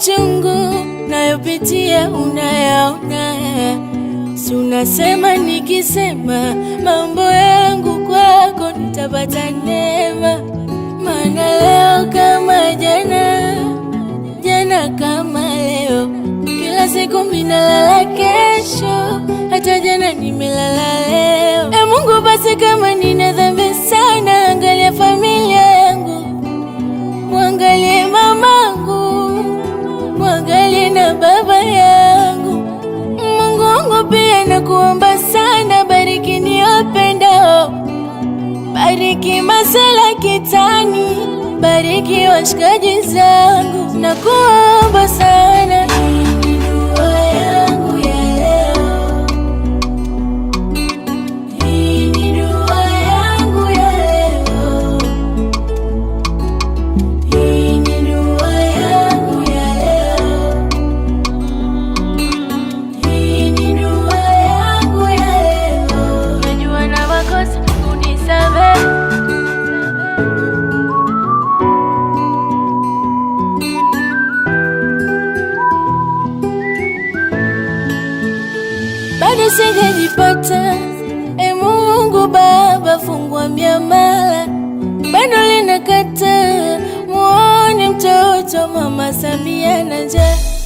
machungu nayopitia unayaona, si unasema nikisema mambo yangu kwako nitapata neema, maana leo kama jana, jana kama leo, kila siku minalala kesho, hata jana nimelala kitani, bariki washikaji zangu na kuwa nisingejipata. E Mungu Baba, fungua miamala, bado linakata muone mtoto mama Samia na njaa